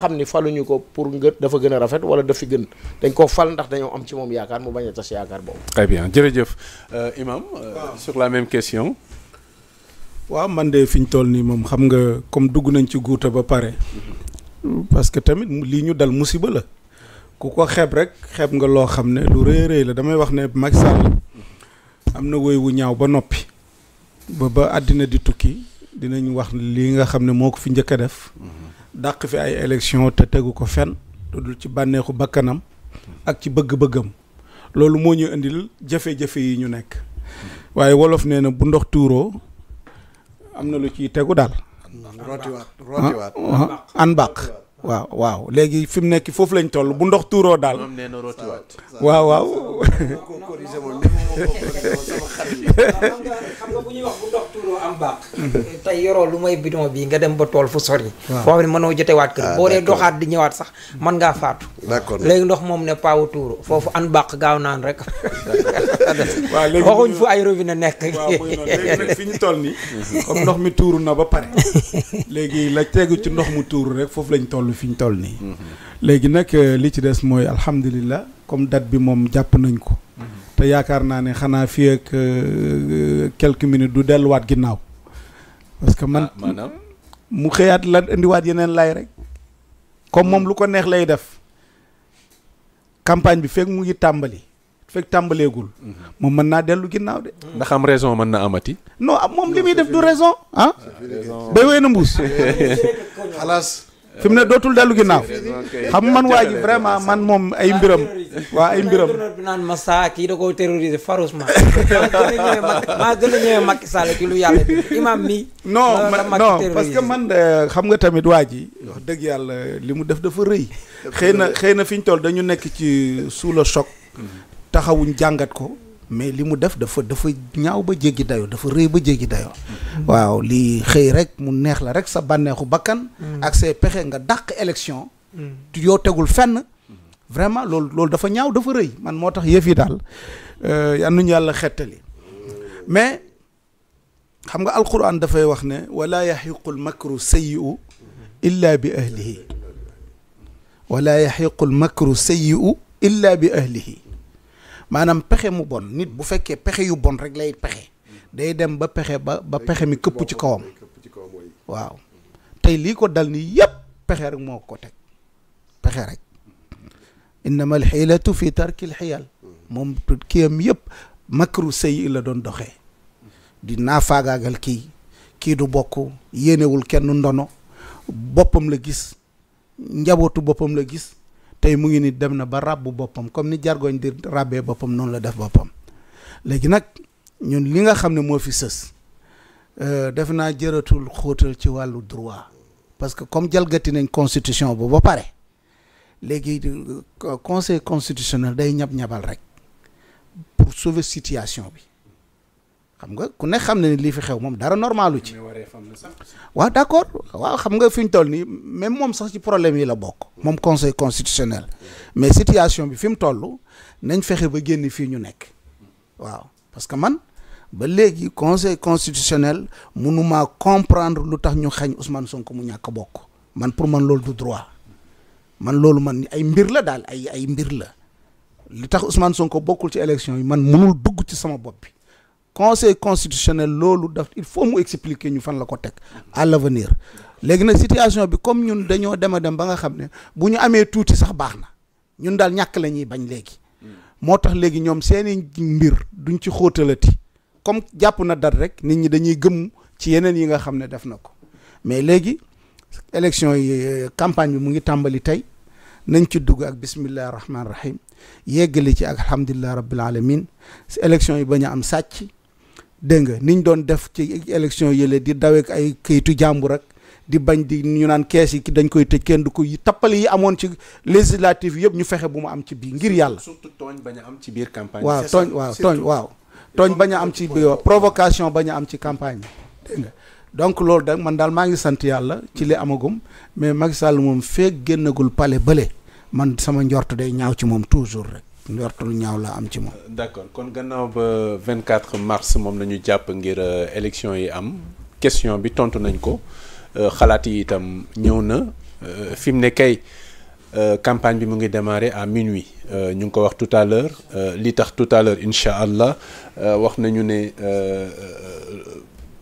xam ni faluñu ko pour nga dafa gën a rafet wala fi gën dañ koo fal ndax dañoo am ci moom yaakaar mu bañ a tas yaakaar boobu. très bien jërëjëf euh, imam. Euh, même question. waaw man de fi ñu toll nii moom xam nga comme dugg nañ ci guuta ba pare. parce que tamit lii ñu dal musiba la. ku ko xeeb rek xeeb nga loo xam ne lu rëy rëy la damay wax ne Macky Sall am na woy wu ñaaw ba noppi. ba ba àddina di tukki. dinañ wax li nga xam ne moo ko fi njëkk a def dàq fi ay élection te tegu ko fenn dul ci bànneexu bakkanam ak ci bëgg-bëggam loolu moo ñu indil jafe-jafe yi ñu nekk waaye wolof nee na bu ndox tuuroo am na lu ciy tegu daal an bàq waaw waaw léegi fi mu nekk foofu lañ toll bu ndox tuuroo daal. waaw waaw. xam nga bu ñuy wax tey yoroo lu may bidon bii nga dem ba tool fu sori. waaw foo xam ne kër. Ah, boo dee doxaat di ñëwaat sax man ngaa faatu. d'accord léegi ndox moom ne paawu tuuru foofu an baax gaaw naan rek. waaw léegi waxuñ fu ay robinet nekk. fi ñu toll nii. comme ndox mi tuuru na ba pare. léegi la tegu ci ndox mu tuuru rek foofu lañ toll toll fi ñu toll nii. léegi nag euh, li ci des mooy alhamdulilah comme date bi moom jàpp nañ ko. te yaakaar naa ne xanaa fii ak euh, euh, quelques minutes du delluwaat ginnaaw. parce que man ah, maanaam mu xëyaat la indiwaat yeneen lay rek. comme moom lu ko neex lay def campagne bi fekk mu ngi tàmbali. fekk tàmbaleegul. Mm-hmm. moom mën naa dellu ginnaaw de. Mm-hmm. ndax raison mën na amati. non ah, moom li muy def du raison ah? bay wéy mbuus. fi mu ne dootul dellu ginnaaw xam man waa ji vraiment man moom ay mbiram waa ay mbiram bi naan ma saa kii da koo terroriser farouchement maa gën a lu yàlla imam mi non non man xam nga tamit waa ji wax dëgg yàlla li mu def dafa rëy xëy na xëy na fi ñu toll dañu nekk ci sous le choc mm-hmm. taxawuñ jàngat ko mais li mu def dafa dafa ñaaw ba jéggi dayoo dafa rëy ba jéggi dayoo. waaw lii xëy rek mu neex la rek sa bànneexu bakkan. Mm. ak say pexe nga dàq élection. Mm. yow tegul fenn. vraiment loolu loolu dafa ñaaw dafa rëy man moo tax yëf yi daal euh, yal yàlla xettali mais xam nga alquran dafay wax ne wala yaxiqul makru sayyi'u illa bi ahlihi wala illa bi ahlihi maanaam pexe mu bon nit bu fekkee pexe yu bon rek lay pexe day dem ba pexe ba ba pexe mi këpp ci kawam waaw tey lii ko dal nii yépp pexe rek moo ko teg pexe rek innama alxiilatu fi tarkil xiyal moom kiyam yépp makru sëy la doon doxee di naafaagaagal kii kii du bokk yéenewul kenn ndono boppam la gis njabootu boppam la gis tey mu ngi ni dem na ba ràbb boppam comme ni jargoñ di ràbbee boppam noonu la def boppam léegi nag ñun li nga xam ne moo fi sës euh, def naa jëratul xóotal ci wàllu droit parce que comme jalgati nañ constitution bu ba pare léegi euh, conseil constitutionnel day ñab-ñabal rek pour sauver situation bi xam nga ku ne xam ne ni lii fi xew moom dara normalu ci waaw d'accord waaw xam nga fi ñu toll nii même moom sax ci problème yi la bokk moom conseil constitutionnel mais situation bi fi mu toll nañ fexe ba génn fii ñu nekk waaw parce que man ba léegi conseil constitutionnel mënumaa comprendre lu tax ñu xañ Ousmane sonk mu ñàkk bokk man pour man loolu du droit man loolu man ay mbir la daal ay ay mbir la li tax Ousmane Sonko bokkul ci élection yi man mënul dugg ci sama bopp bi conseil constitutionnel loolu daf il faut mu expliquer ñu fan la ko teg à l'avenir léegi nag situation bi comme ñun dañoo dem a dem ba nga xam ne bu ñu amee tuuti sax baax na ñun daal ñàkk lañuy bañ léegi moo tax léegi ñoom seeni mbir duñ ci xóotalati comme jàpp na dat rek nit ñi dañuy gëm ci yeneen yi nga xam ne def na ko mais léegi élection yi euh, campagne bi mu ngi tàmbali tey nañ ci dugg ak bismillahi rahmaani rahim yeggali ci ak alhamdulillahi rabbil alamin élection yi bañ a am sàcc dégg nga ñu doon def ci élection yële di daweek ay kayitu jàmbur ak di bañ di ñu naan kees yi dañ koy tëj kenn du ko yi tappale yi amoon ci législative yëpp ñu fexe bu mu am ci biir ngir yàlla. surtout tooñ bañ am ci biir campagne. waaw tooñ waaw tooñ waaw. tooñ bañ a am ci biir provocation bañ a am ci campagne bi dégg donc loolu da man daal maa ngi sant yàlla ci li amagum mais Macky Sall moom feeg génnagul pale bale man sama njort day ñaaw ci moom toujours rek. njort lu ñaaw la am ci moom. d'accord kon gannaaw ba 24 mars moom la ñu jàpp ngir euh, élection yi am question bi tontu nañ ko euh, xalaat yi itam ñëw na euh, fi mu ne kay campagne bi mu ngi démarrer à minuit ñu ngi ko wax tout à l'heure li tax tout à l'heure incha allah wax nañu ne.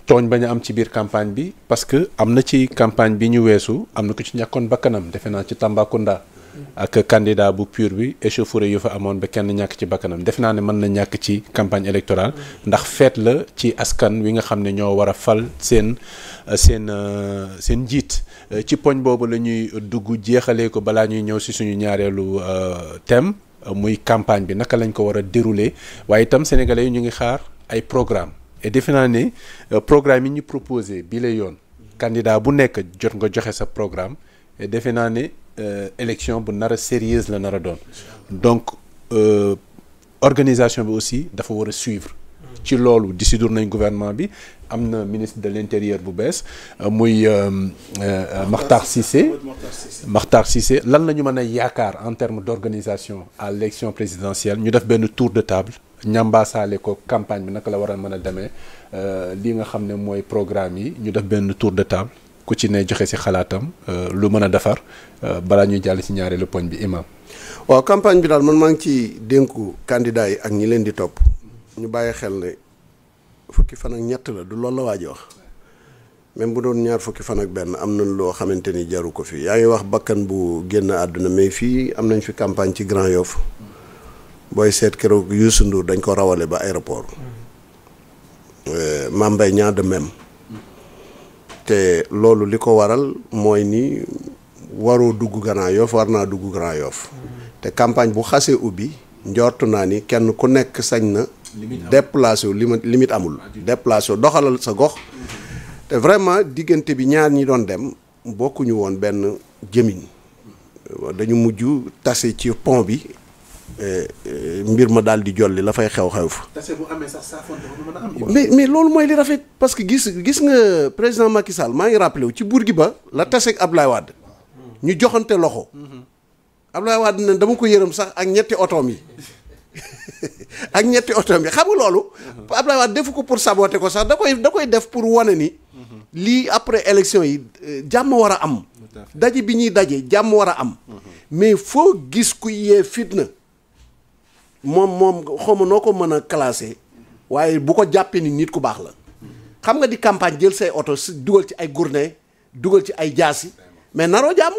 tooñ bañ a am ci biir campagne bi parce que am na ci campagne bi ñu weesu am na ko ci ñàkkoon bakkanam defe naa ci Tambacounda ak candidat bu pur bi échauffourée yu fa amoon ba kenn ñàkk ci bakkanam defe naa ne mën na ñàkk ci campagne électorale ndax feet la ci askan wi nga xam ne ñoo war a fal seen euh, seen euh, seen njiit euh, ci poñ boobu la ñuy dugg jeexalee ko balaa ñuy ñëw si suñu ñaareelu thème muy campagne bi naka lañ ko war a dérouler waaye itam sénégalais ñu ngi xaar ay programme defe naa ne programme yi ñu proposé bi la yoon candidat bu nekk jot nga joxe sa programme defe naa ne Euh, élection bu nar a sérieuse la nar a doon donc euh, organisation bi aussi dafa war a suivre ci loolu décider nañ gouvernement bi am na ministre de l'intérieur bu bees euh, muy Makhtar Cissé Makhtar Cissé lan la ñu mën a yaakaar en termes d'organisation à l'élection présidentielle ñu def benn tour de table ñambaasaale ko campagne bi naka la war a mën a demee li nga xam ne mooy programme yi ñu def benn tour de table ku ci ne joxe ci xalaatam euh, lu mën a defar euh, balaa ñuy jàll si ñaareelu poñ bi imam waaw campagne bi daal man maa ngi ci dénku candidat yi ak ñi leen di topp ñu bàyyi xel ne fukki fan ak ñett la du loolu la waaj wax même bu doon ñaar fukki fan ak benn am nañ loo xamante ni jaru ko fi yaa ngi wax bakkan bu génn àdduna mais fii am nañ fi campagne ci Grand Yoff booy seet keroog Youssou nduur dañ ko rawale ba aéroport euh, Mame Mbaye Niang de te loolu li ko waral mooy ni waroo dugg Grand Yoff war naa dugg Grand Yoff te campagne bu xasee ubbi njort naa ni kenn ku nekk sañ na déplacé wu limite amul ah, déplacé wu doxalal sa gox te vraiment diggante bi ñaar ñi doon dem bokkuñu woon benn jëmiñ dañu mujj tase ci pont bi Eh, eh, mbir ma daal di jolli la fay xew xew fa. a am. mais mais loolu mooy li rafet parce que gis gis nga président Macky maa ngi rappelé wu ci ba la taseeg Abdoulaye Wade ñu joxante loxo. Abdoulaye Wade ne dama ko yërëm sax ak ñetti otoom yi ak ñetti otoom yi xam nga loolu. Abdoulaye Wade defu ko pour saboter ko sax da koy da koy def pour wane ni. lii après élection yi euh, jàmm war a am. daje bi ñuy daje jàmm war a am. Mmh. mais foo gis ku yee fitna. moom moom xawma noo ko mën a classé waaye bu ko jàppee ni nit ku baax la xam nga di campagne jël say oto si dugal ci ay gourne dugal ci ay jaasi mais naroo jàmm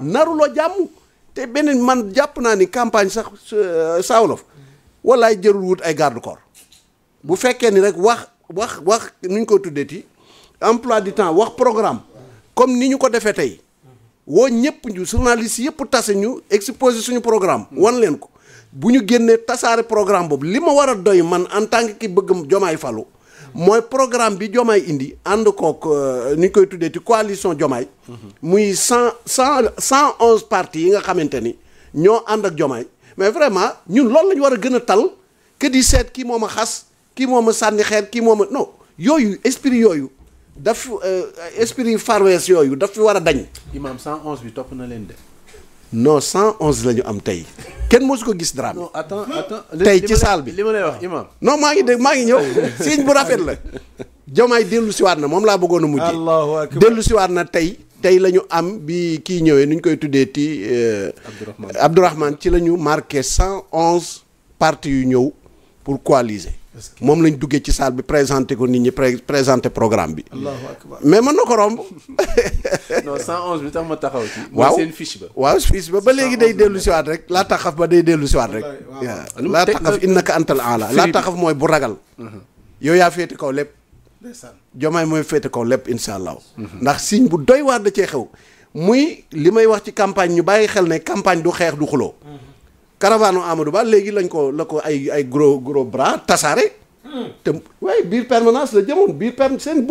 naruloo jàmm te beneen man jàpp naa ni campagne sax euh, saawolof wallaay jërul wut ay garde corps bu fekkee ni rek wax wax wax nuñ ko tuddee ti emploi du temps wax programme comme ni ñu ko defee tey woo ñëpp ñu journaliste yëpp tase ñu exposé suñu programme wan leen ko bu ñu génnee tasaare programme boobu li ma war a doy man en tant que ki bëgg jomaay falu mooy programme bi jomaay indi ànd kook euh, ni ñu koy tuddee ci coalition jomaay mhm. muy cent cent cent onze partis yi nga xamante ni ñoo ànd ak jomaay mais vraiment ñun loolu la ñu war a gën a tal que di seet kii moom a xas kii moom a sànni xeet kii moom a no yooyu esprit yooyu daf euh, esprit farwees yooyu daf fi war a dañ. cent onze bi topp na leen de. non 111 la ñu am tey kenn mosu ko gis drame. non attends attends tey ci saal bi li lay wax imam non maa ngi dégg maa ngi ñëw signe bu rafet la. Diomaye dellu siwaat na moom laa bëggoon a mujjee. allahu akbar dellu siwaat na tey. tey la ñu am bi kii ñëwee nu ñu koy tuddee ti euh, Abdourahmane ci la ñu marqué 111 parti yu ñëw pour coaliser. moom lañu duggee ci saal bi présenté ko nit ñi présenté programme bi. mais mën na ko romb. non 111 taxaw waaw mooy seen ba. waaw fiche ba ba léegi day dellu si waat rek laa taxaf ba day dellu si waat rek. waaw laa taxaf innaka antal aala laa taxaf mooy bu ragal. Uh-huh. yow yaa féete kaw lépp. jomaay mooy féete kaw lépp incha allah. ndax signe bu doy waar da cee xew. muy li may wax ci campagne ñu bàyyi xel ne campagne du xeex du xuloo uh-huh. caravane Amadou Ba léegi lañ ko la ko ay gros gros bras tasaare. Hmm. te waaye biir permanence la jëmoon biir per seen.